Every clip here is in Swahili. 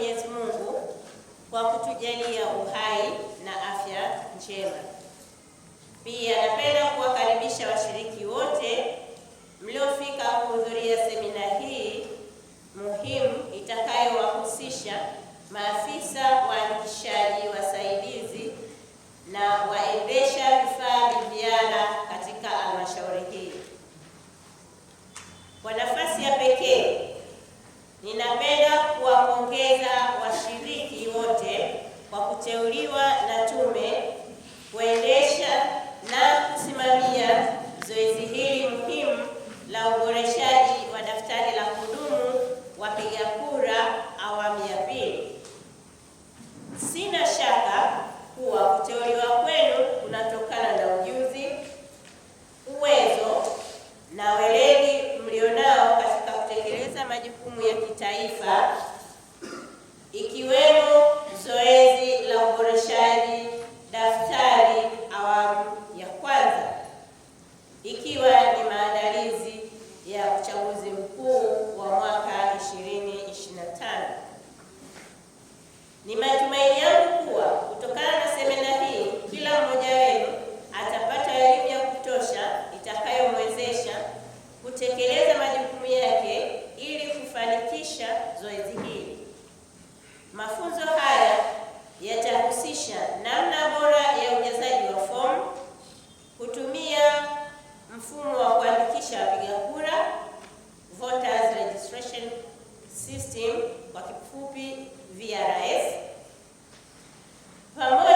Mwenyezi Mungu kwa kutujalia uhai na afya njema. Pia napenda kuwakaribisha washiriki wote mliofika kuhudhuria semina hii muhimu itakayowahusisha maafisa waandikishaji, wasaidizi na waendesha Mafunzo haya yatahusisha namna bora ya ujazaji wa fomu, kutumia mfumo wa kuandikisha wapiga kura, voters registration system kwa kifupi VRS, pamoja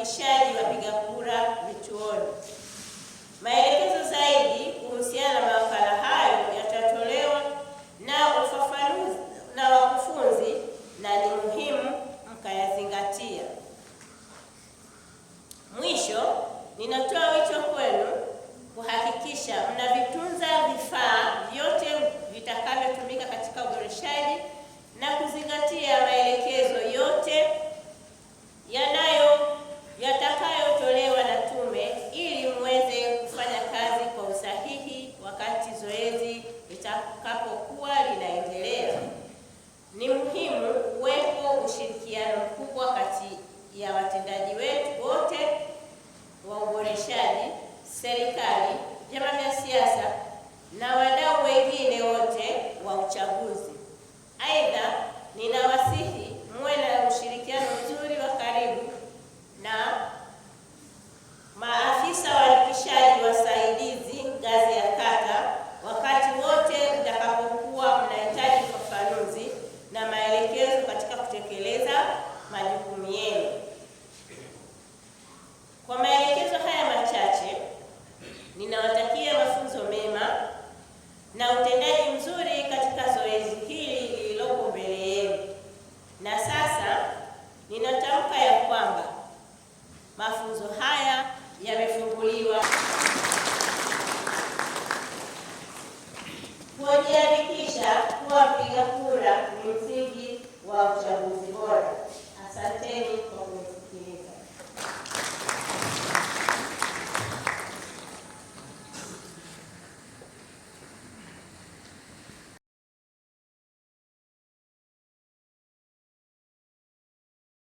Michelle Ninawatakia mafunzo mema na utendaji mzuri katika zoezi hili lililoko mbele yenu. Na sasa ninatamka ya kwamba mafunzo haya yamefunguliwa. Kujiandikisha kuwa mpiga kura ni msingi wa uchaguzi bora. Asanteni.